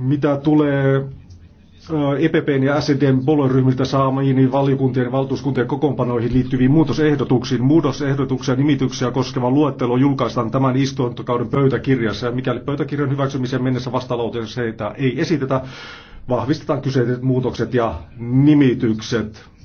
Mitä tulee EPPn ja SDn puolueryhmiltä saamiin niin valiokuntien valtuuskuntien kokoonpanoihin liittyviin muutosehdotuksiin. Muutosehdotuksia ja nimityksiä koskeva luettelo julkaistaan tämän istuntokauden pöytäkirjassa ja mikäli pöytäkirjan hyväksymisen mennessä vastalauteita ei esitetä, vahvistetaan kyseiset muutokset ja nimitykset.